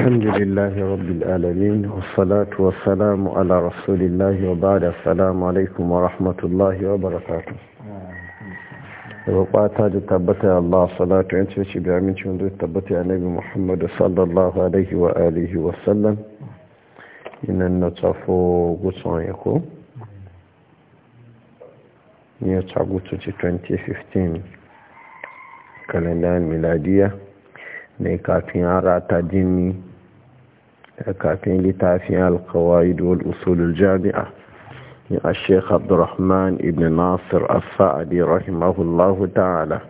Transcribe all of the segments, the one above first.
الحمد لله رب العالمين والصلاة والسلام على رسول الله وبعد السلام عليكم ورحمة الله وبركاته وقاتا تبتع الله صلاة وانتشي بعمل شنو تبتع نبي محمد صلى الله عليه وآله وسلم إن النطفو قصان يكون يتعقو 2015 كالندان ميلادية ne kafin yara ta jini A kafin littafin alkawai wal usulul jami'a a sheikh abdurrahman ibn nasir as-sa'adi rahimahullahu ta'ala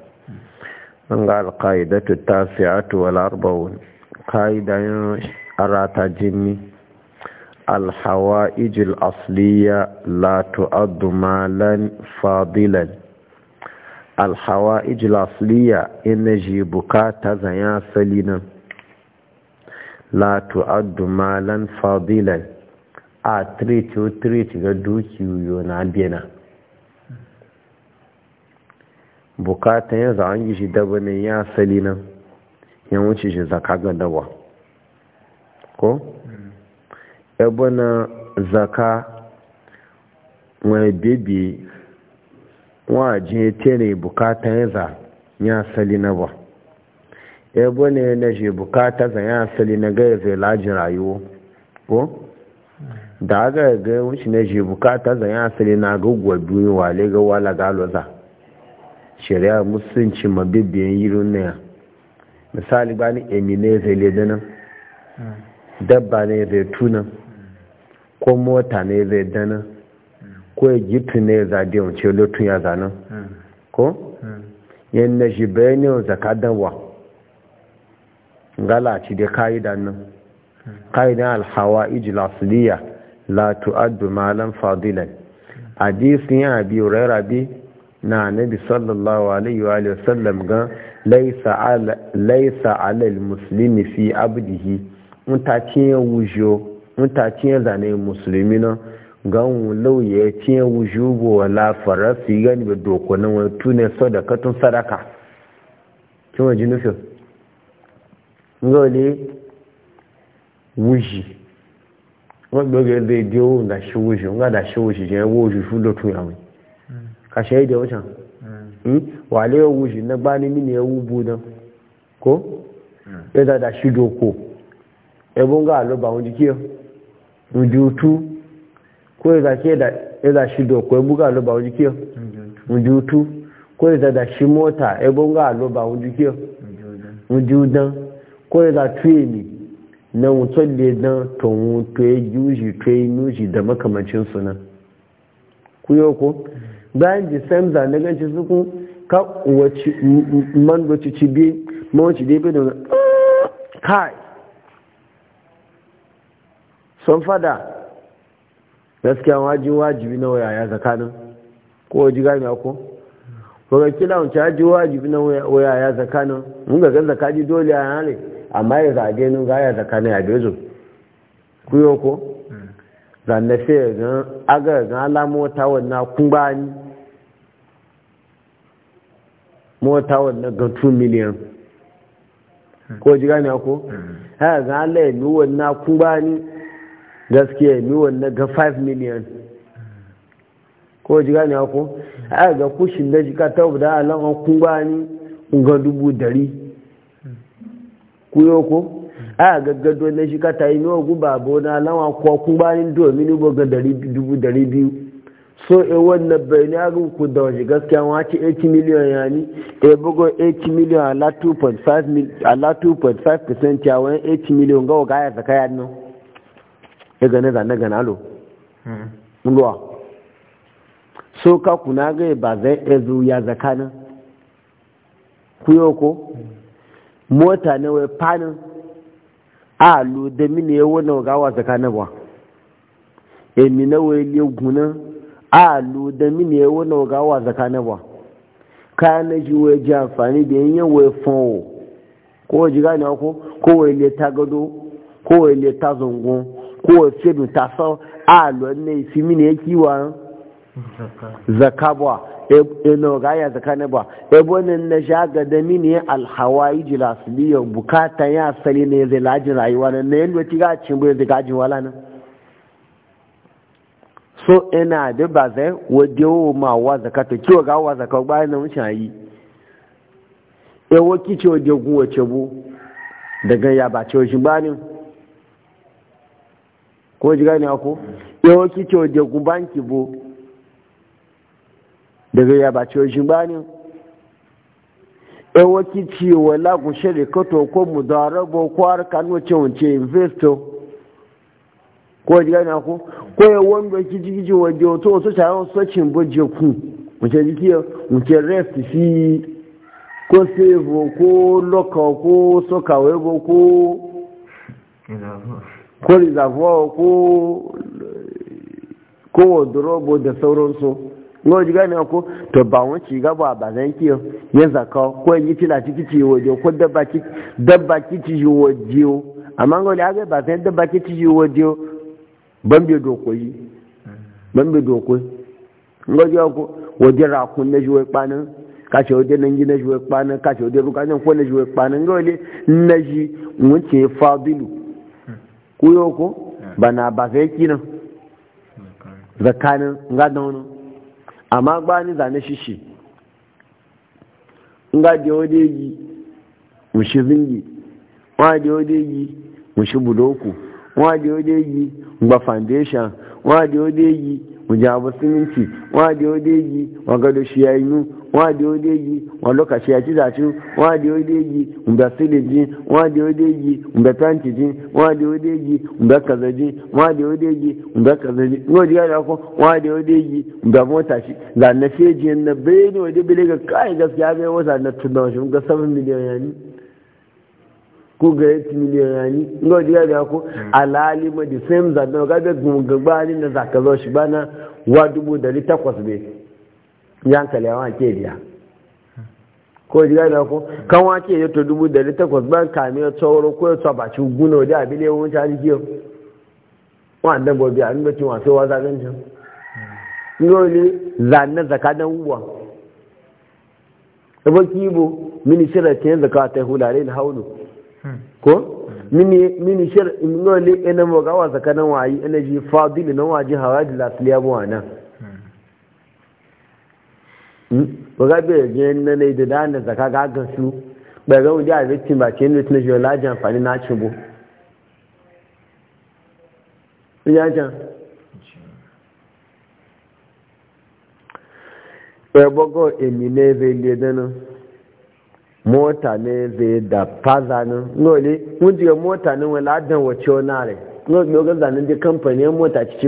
an ga alkaidatu ta siyatu wal arba'un kaidayin arata jini alhawa'ijil asliya la tu'addu malan fadilan alhawa'ijil asliya ina ji bukata zanya salinan la tu'addu malan fadilan a treat o treat ga dukiyoyo na bena bukata ya za an yi shi daba ne ya sali nan ya wuce shi zaka ga daba ko? ya bana zaka wani bebe wajen tere bukata ya za ya sali na ba ya bane na je bukata zanya asali na gaya zai lajin rayuwa ko da aga ga wuce na je bukata zanya asali na gaggwa duniya wale ga wala galoza shari'a musulunci mabibiyan yi na ya misali ba ni emi ne zai nan dabba ne zai tuna ko mota ne zai dana ko ya ne ya zade wance lotun ya zanen hmm. ko hmm. yan na shi bayanin zakadan wa galaci da ka'idan nan ka'idan alhawa ijilasiliya la tu'addu malan fadilan hadisi ya biyu bi na nabi sallallahu alaihi wa sallam ga laisa ala muslimi fi abdihi mutaciyen wujo mutaciyen zane muslimi na gan lauye ciyen wujo bo wala farasi gani ba dokunan wani tunan tun sadaka kin waje nufin ngole wuji wọ́n gbọ́gẹ̀ lè di owó ìdáṣí wuji wọ́n gbàdáṣí wuji jẹ́ owó oṣù fún lọ́tún ìyàwó kàṣẹ́ ìdẹ̀ ọ̀ṣàn wà lé wuji nígbà ní ní ẹwú bú náà kó yóò dáadáa ṣídò kò ẹbùn gà ló wọn di kí ọ otú kó yóò dáa ṣídò kò ẹbùn gà ló bá wọn di kí ọ otú kó yóò dáadáa mọ́tà ẹbùn gà ló wọn di kí ọ ko za tuye ne na wucin da ya tonwu tuye yuji tuye nuji da makamancin sunan ku yau ko bayan da sam za na ganci suku ka wace man wace ci bi man wace da bi da ah, kai sun fada gaskiya wajin wajibi na wayaya tsakanin ko waji gami ako ko ga kila wancan wajibi na wayaya tsakanin mun ga ga dole a yare amma ya zage nun ga ya zaka na ya bezo kuyo ko zanne fe ga aga ga la mota wanna kun ba ni mota wanna ga 2 miliyan ko ji gani ako ha ga la ni wanna kun ba ni gaskiya ni wanna ga 5 miliyan ko ji gane ko a ga kushin da jika ta da alan kun ba ni ga dubu dari kuyo ko a gaggado na shi ka tayi miwa guba bona lawa ko kun bayin domin ubo ga dubu dari biyu so e wannan bai ni aka ku da wani gaskiya wa ci 80 miliyan ya ni e bugo 80 miliyan ala 2.5 mil ala 2.5 percent ya wani 80 miliyan ga ga ya zaka ya nan e ga na zanna na lo mun hmm. so ka kuna ga ba zai ezu ya zakana kuyo ko hmm. mota na wai fanin a lo da mini ya wani gawa tsakanin ba emi na wai le guna a lo da mini ya wani gawa tsakanin ba kayan na ji wai ji amfani da yin wai fanwo ko ji gane ko ko wai le ta gado ko wai le ta zongon ko wai fedu ta sau a lo ne fi mini ya kiwa zaka ba ino gaya zaka ne ba ebo ne na shaga da mini su jilasiliyo bukata ya asali ne zai lajin rayuwa na na yadda ti gacin bai zai gajin wala na so ina da ba zai wadewo ma wa zaka to kiwa ga wa zaka ba na wucin yi ce wadda wajen guwa cebu daga ya ba cewa shi ne ko ji gane ako yawanci e ce wajen banki bu daga ya ba ciwo shi bani e waki wala ku shirika to ko mu darabo ko har kanu ce wance investor ko ji gana ku ko ya wanda ki ji ji waje to so ta so cin ku mu ce ji rest fi ko save ko loka ko soka webo ko ko reservoir ko ko wardrobe da sauransu ngo ji ne ko to ba won ci gaba ba zan kiyo ya zaka ko yi tila ciki ci waje ko dabba ci dabba ci ci waje amma ngo da ga ba zan dabba ci ci waje ban bi dokoyi ban bi dokoyi ngo ji ko waje ra kun ne ji wai ka ce waje nan ji ne ji ce kwanin kace waje ruka nan ko ne ji wai kwanin ngo le na ji mun ce fadilu yo ko bana hmm. ba sai kinan hmm. zakanin ga da amma ba ni zane shishi nga di odeji mushi zingi wa di odeji mushi budoku wa di odeji ngba foundation wa di odeji mujabu siminti wa di odeji wa gado shi ya wọ́n hmm. di dé yi wọ́n lọ́ka ṣe àti wọ́n di dé èyí ǹbẹ̀ sílẹ̀ dín wọ́n di dé èyí ǹbẹ̀ pẹ́ǹtì dín wọ́n di dé yi ǹbẹ̀ kẹ̀lẹ̀ dín wọ́n di dé èyí ǹbẹ̀ kẹ̀lẹ̀ dín ní di orí ọkọ̀ wọ́n di dé èyí ǹbẹ̀ mọ́tà lànà na bẹ́ẹ̀ ni wọ́n dé bẹ́ẹ̀ ká káyì gaskiya bẹ́ẹ̀ wọ́n ko wọ́n bana wa dubu dari yankali a wanke biya ko ji gani ku kan wake ya to dubu dari takwas ban kame ya tsoro ko ya ci guno da abin yawon giyo. Wani wa'andan gobe a nuna cewa sai waza gancin yoli zanen zaka dan uwa sabo kibo mini yin zaka ta hulare na haunu ko mini mini shir yoli ina mo gawa zaka nan wayi energy fadili nan waje hawa da lasliya bu nan waga hmm? bai je na ne da dan da zaka ga ga su ba ga wuri a victim ba ce ne tunaji wala jan na ci bo ya jan ba bogo emi ne ve le na mota ne ve da pazanu ngole mun diga mota ne wala dan ga zanin e mota ci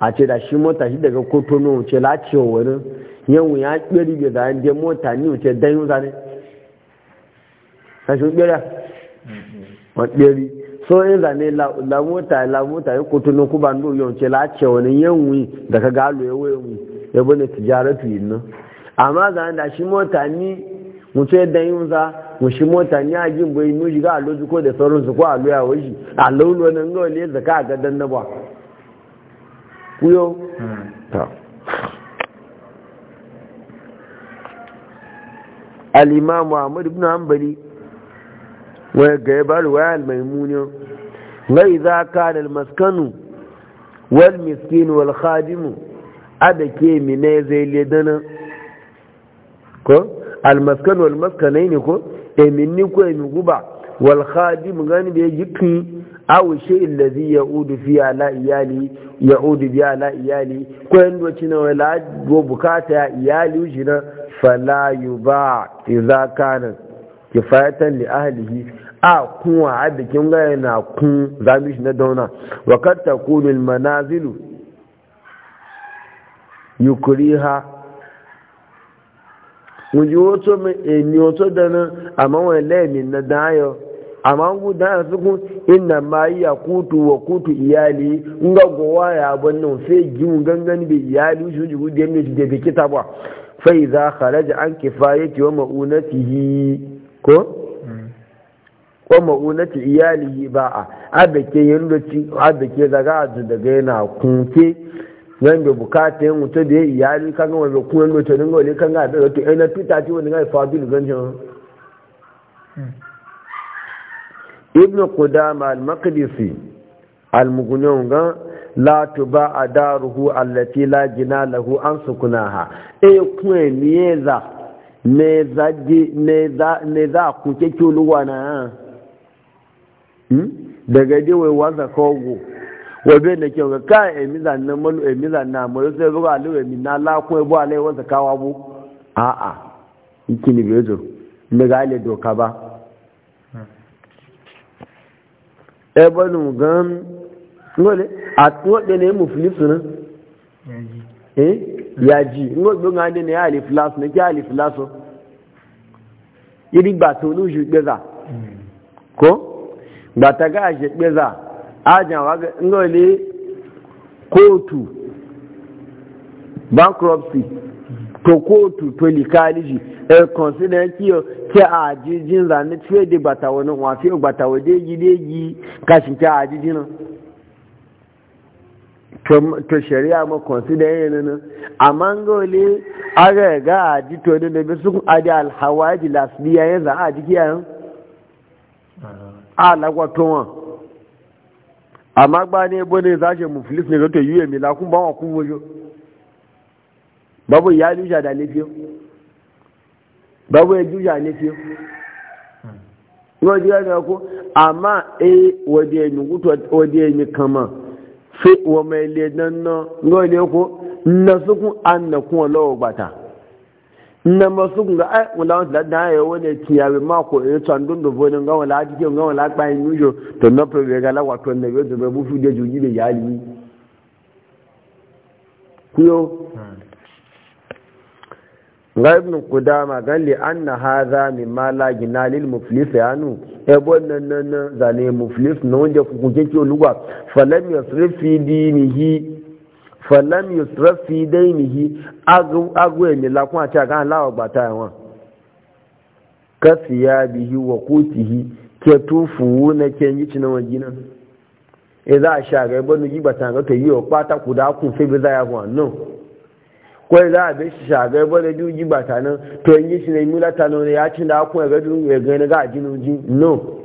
a ce da shi mota shi daga kotono ce wani yau ya kiri da zai je mota ni wuce dan yau zane kashin kira wa kiri so yin zane la mota la mota ya kutu na kuba ndo yau ce la ce wani yanwi da ka galo ya waye mu ya bane tijaratu yin nan amma zane da shi mota ni wuce dan yau za mu mota ni a jin bai nu da ko a ba kuyo al-imam Muhammad ibn Hanbali wa ga ba riwaya al-Maimuni wa idza kana al-maskanu wal miskin wal khadim adake mine zai ledana ko al-maskan wal maskanaini ko e minni ko e guba wal khadim gani be yikin aw shay alladhi yaudu fi ala iyali yaudu biya ala iyali ko ndo cinawa la go bukata iyali ujina fala yuba idza kana kifayatan li ahlihi a kuwa abikin gaya na kun zami shi na dauna wa kad takunu al mu ji wato mai eni wato da nan amma wani laimin na dayo amma ku sukun inna ma a kutu wa kutu iyali nga gowa ya bannan sai gimu gangan bi iyali shi ji gudu yadda shi da kita ba fai za kharaja an kifayati wa ma'unatihi ko wa ma'unati iyalihi ba a abake yandoci abake daga azu daga yana kunke yan da bukata yin mutu da iyali kan gama da kuma yandoci don gole kan ga da to ina tuta ci wani ga fadilu ganjin ibn qudama al-maqdisi al-mughniyan la tuba a daruhu allati la gina lahu an sukunaha e kun miyeza me za me za me za ku ke kuluwa na hmm daga dai wai waza kogo wabe ne ke ga kai e mi zan nan malu e mi zan na mu sai buga alu e mi na la ku e bu alai waza kawa bu a a ikini bezo me ga ale doka ba e banu gan ngole a tuwaɗe ne muflisu nan eh ya ji ngo gbe nga ne ya alif las ne ki alif laso yiri gba to lu ju gbeza hmm. ko gba ta ga je gbeza ajan wa ngo le kotu bankruptcy to kotu to likaliji e consider ki o ke ajijin za ne tfe de gbata wani, wa fi gbata wode yi de yi ka shin a ajijin na to shari'a ma consider yin nan amma gole aga ga aji to ne da bisu aji alhawaji lasbiya yin za a aji kiyan ala kwato wa amma gba ne bo ne za shi muflis ne ga to yuye mi la kun ba wa kun wojo babu ya luja da lafiyo babu ya juja lafiyo yau hmm. ji ya ko amma eh waje mi kama fi wa mai ledan na ngo ne ko na ku an na ku lo bata na ku ga ai wala wala da ya wone be ma ko e tan dun do bonin ga wala ji ga wala pa yin e yujo to na pe ga la wato ne be do be bu fu de juji be yali yo hmm. ga ibn qudama gan li anna hadha mimma la gina lil muflis yanu e bonnan nan zane muflis no wanda ku ke ke lugwa falam yasrif fi dinihi falam yusrif fi dinihi agu agu mi la kun ati gan lawa gbata won kasiyabihi wa qutihi ke tufu na ke yi cinan wajina e za a sha ga ibn gibata ga to yi o pata ku da ku fe bi za ya wan no kwai za a bai shi shagai bane juji ba ta nan to yanzu shi ne mula ta nan ya cin da aku ya ga dun ya ga ga jinuji no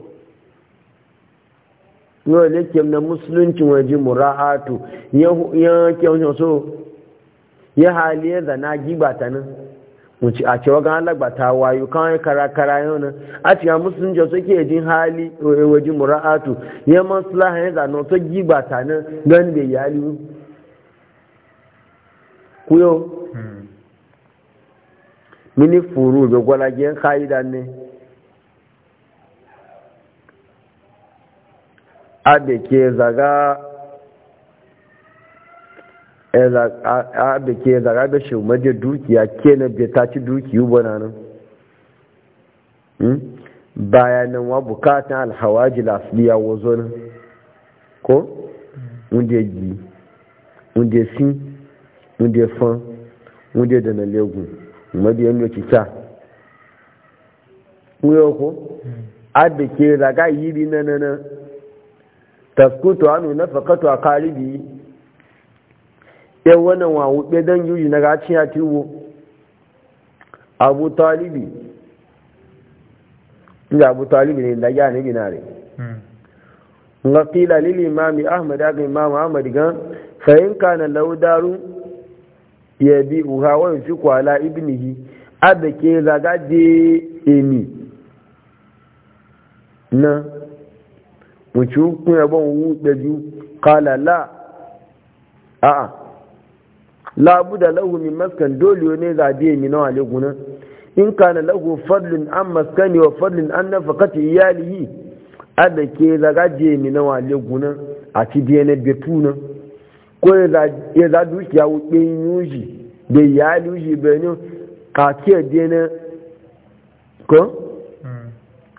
no le kem na musulunci waje mura'atu ya ya ke wani so ya hali ya zana giba ta nan wuce a cewa ga Allah ta wayo kan ya kara kara yau nan a cikin musulunci so ke jin hali waje mura'atu ya maslaha ya zana so giba ta nan gan da yali kuyo hmm. mini furu be gwalagen ka'ida ne e A abe ke zaga abe ke zaga be shi maje dukiya ke na be ta ci dukiyu bana hmm? nan bayanan wa bukatan alhawaji lafiya wazo nan ko wunde hmm. gi wunde sin wunde fan wunde da na legu wadda yanzu kita wuyo ko adda ke raga yidi na na na taskuto anu na fakato a karibi wannan wa wuɓe dan yuyi na gacin ya tiwo abu talibi ya abu talibi ne da ya ne binare hmm. nga qila lil imam ahmad aga imam ahmad gan fa in kana law daru ya bi uha wa yufi kwala ibnihi adake, ke zaga de emi na wuce kun yabon wu ɗaju kala la a labu da lahu min maskan dole ne za biye min na wale guna in kana lahu fadlin an maskani wa fadlin an nafaqati iyalihi adda ke zaga de min na wale guna a ti biye na betuna ko ya za dukiya wuɗe yuji da ya yuji benin a ke dena ko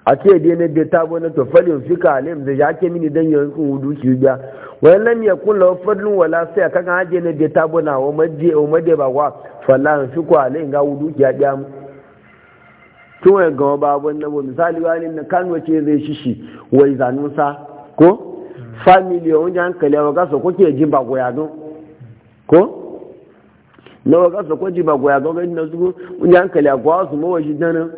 a ke dena da ta bane to falin fika alim da ya ke mini dan yawan kun wudu shi biya wani lam ya kula fadlun wala sai aka kan haje na da ta bane wa madde wa madde ba wa falan fiku alim ga wudu ya biya mu tun wani gama babon na misali wani na kan wace zai shishi wai zanusa ko family wanda hankali wa gasa kuke ji ba goya don ko na wa ko ji ba goya do gani na su wanda hankali a kwa su mo shi dana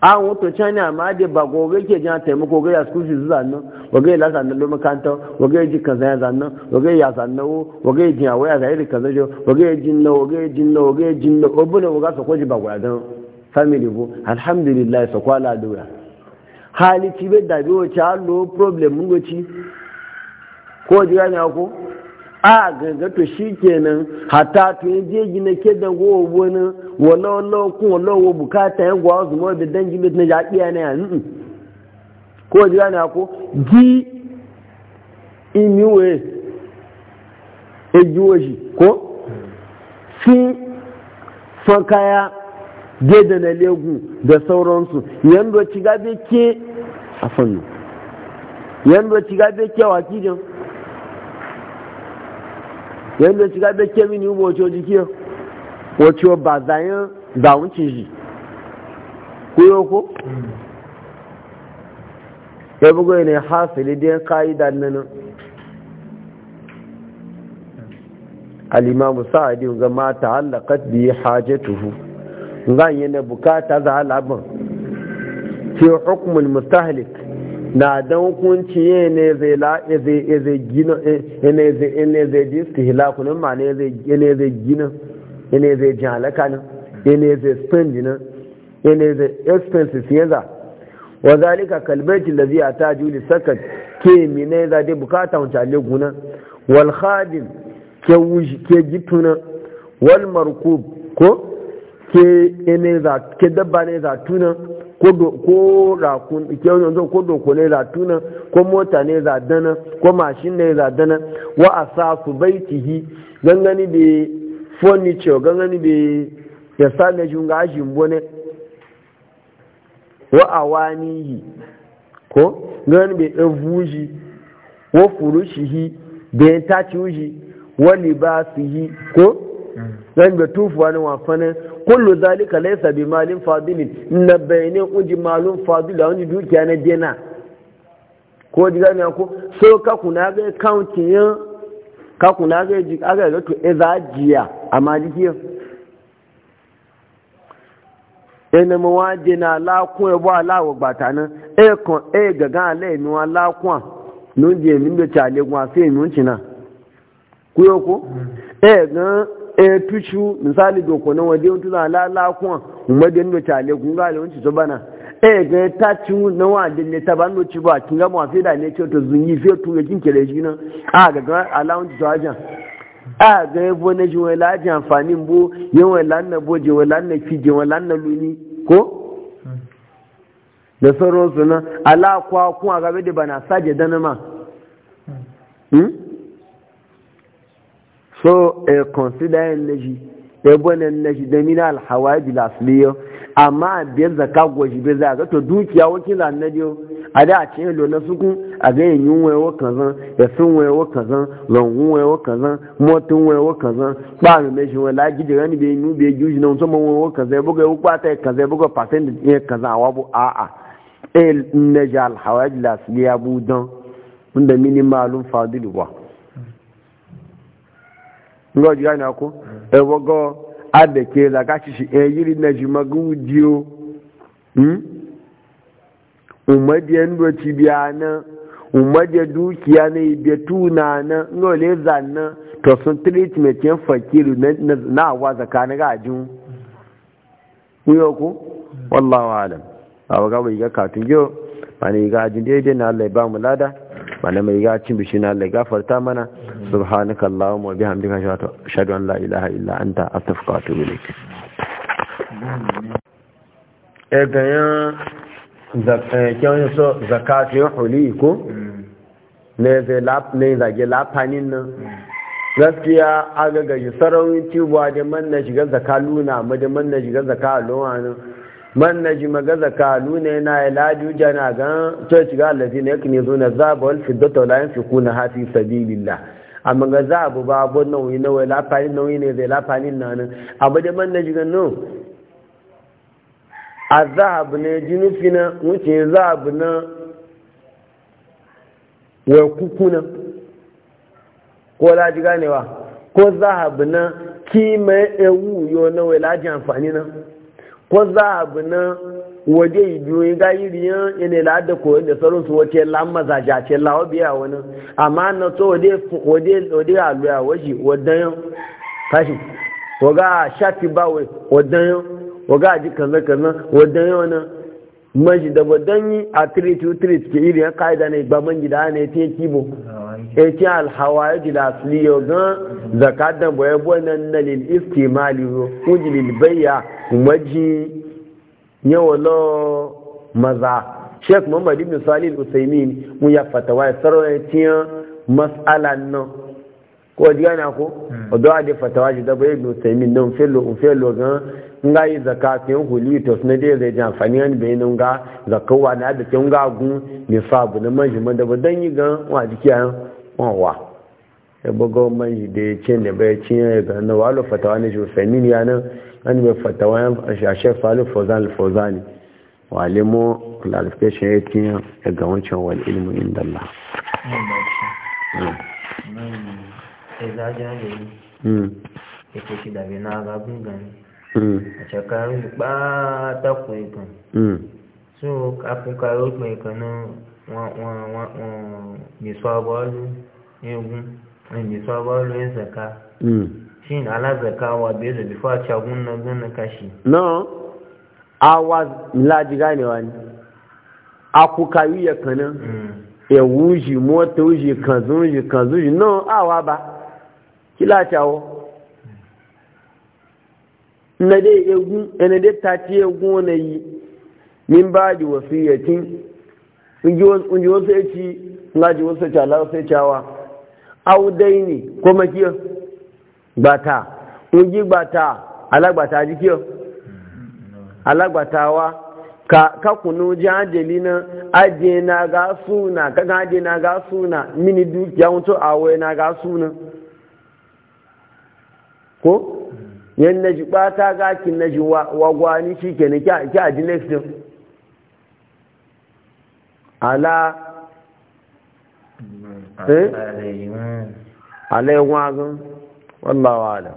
a wato china ma de ba goga ke jan ko ga ya school fees no o ga la no lo makanta o ga ji kaza no o ga ya no o ga ji awa ya zai kaza jo o ga ji na o ga ji na o ga ji na obuna wa ko ji ba goya do family bu alhamdulillah do ya hali ci bai dabi wace lo problem mun gaci ko ji gani ko a ganga to shi kenan hata to yin je gina ke da gowa wani wala wala kun wala wa bukata yan gwa su mawa da dangi mai na jaɗiya na yan ko ji gani ko gi imiwe ejiwoji ko fi fankaya geda na legu da sauransu yadda ci gabe ke a fannu yadda ci gabe kyawa kijin yadda ci gabe ne ubo wace wajen kiyo wacce ba zayen zawuncin shi kuyo ko ya bugu ne hasili da ya da nan alimamu sa'adi ga mata halakat biyu hajjatuhu zan na bukata za halabin fi hukumul mustahilik na dan hukunci ne zai la ne zai ne zai ji istihlaku nan ma ne zai gina ne zai ji halaka ne zai spend ne zai expenses yaza wa zalika kalbaiti allazi ata juli sakat ke mine za dai bukata wancan le wal khadim ke ke gituna wal markub ko ke ne za ke dabba ne za tunan ko rakun ke yanzu ko doko ne ratuna ko mota ne zadana ko mashin ne zadana wa asafu baitihi gangani be furniture gangani be ya sa ne junga ajin bone wa yi ko gangani be evuji wa furushihi da ya tace wuji wa libasihi ko mm. gangani be tufuwa ne wa fanin kullu zalika laysa bi malin fadilin na bayne uji malun fadila wani dukiya na dena ko diga na ko so ka kuna ga account ya ka kuna ga ji aga ga to ezajiya amma dikiyo ene mo wa na la kun e bo ala wo gbata na e kan e ala ale mi wa la kun no je mi be mi ku yo e e eh, pichu misali do ko nan waje tuna la la kun umadin do tale kun ga le wanci to bana e eh, ga ta ci na waje ne ta ban ci ba kin ga mu da ne ce to zunyi fe tu ga kin kere shi nan a ah, ga ga alawun to ajan a ah, ga bo na ji wani ajan amfani bo yawan lanna bo je wala na fi je wala na luni ko da sauransu nan ala kwa kuma a gabe da bana saje danama ma hmm? so a consider energy naji ebonin naji da mina alhawaji lasliyo amma biyar zaka gwaji bai za a zato dukiya wakil annadiyo a da a ce lo na suku a ga yin yin wayewa kazan ya sun wayewa kazan langun wayewa kazan motin wayewa kazan ba mu me shi wala gidi ran bai nu bai juji na so musamman wayewa kazan ya buga ya kwata kazan ya buga fasin da ya kazan a ah, ah. a el najal hawaji alhawaji lasliya budan wanda mini minimalun fadilu ba. ngoji gani ako ewogo adeke la gachishi eyiri na jimagu dio hmm umadiye ndo tibiana umadiye dukiya na ibe tuna na ngole zanna to sun treatment yan fakiru na na wa zakana ga ajun uyo ko wallahu alam awaga iga katun yo bani ga ajin daidai na Allah ba mu lada mai ya cin bishi na Allah gafarta mana subhanaka Allahu wa bihamdika ashhadu an la ilaha illa anta astaghfiruka wa atubu ilaik e eh, ganyan eh, kyan so zakatun huli ko ne zai lap ne zage lafanin nan gaskiya aga gaji sarawin cibuwa da man na shiga zakaluna ma da man shiga zakalowa man na ji magaza kalu ne na ya laju jana gan to ci ga allazi ne yake ne zo na zaba wal fiddata la yanfiqu na hafi sabilillah amma ga zabu ba bo nan wi na wala fani nan wi ne zai la fani nan amma da man na ji gan no azab ne jinufina wuce zab na wa kukuna ko la ji ganewa ko zahab na kima ewu yo na wala ji amfani nan ko za a bi na waje biyu ga yi yan ina la da ko da sarun su wace la maza ja ce la biya wani amma na to wade wade wade alu ya waje wadan kashi waga shafi ba wai wadan waga ji kaza kaza wadan wani maji da wadan yi a 3 2 3 ke iri yan kaida ne ba man gida ne te kibo eti alhawaye di lasili yo gan zakat dan boye bo nan na lil istimali yo kuji lil bayya maji nyawalo maza sheikh muhammad ibn salih al-usaymin mun ya fatawa sarwa tiya mas'alan nan ko diga na ko hmm. odo ade fatawa ji da boye ibn usaymin nan fello un fello gan nga yi zaka ke huli to sun dai zai ji amfani an bai nun ga zaka wa na da kin ga gun ne sabu na manji man da ba dan yi gan wa jiki an wa wa e bogo manji da ce ne bai ci ya ga na walo fatawa ne jo ni ya nan an bai fatawa a shef falu fozan fozani wa walimu clarification ya ci ya ga wancan wal ilmu inda Allah Mm. tsakanin ba ta kun kan so kafin kayo mai kanan misabalu egun misabalu yin zaka shi na alazaka wa bezo bifo cagun na gana kashi no awa laji ganewa ne akukayu ya kanan ewu ji mota ji kanzun ji kanzun ji no awa ba kila cawo na dai egun ene dai tati egun na yi min ba ji wasiyatin in ji wasu ci na ji wasu ci Allah sai cawa au dai ne ko makiyo gbata in ji gbata alagbata ji kiyo alagbatawa ka ka kunu jajeli na aje na ga suna ka ga aje na ga suna mini dukiya wuto awe na ga suna ko yan naji bata gakin naji wagwani shi ke ne ki a ji next din ala eh alai wagan wallahi